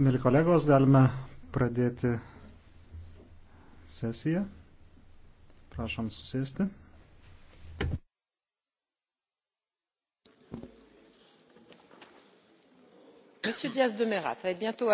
Mėly kolegos, galime pradėti sesiją. Prašom susėsti. Monsieur Diaz de Mera, ça va être bientôt.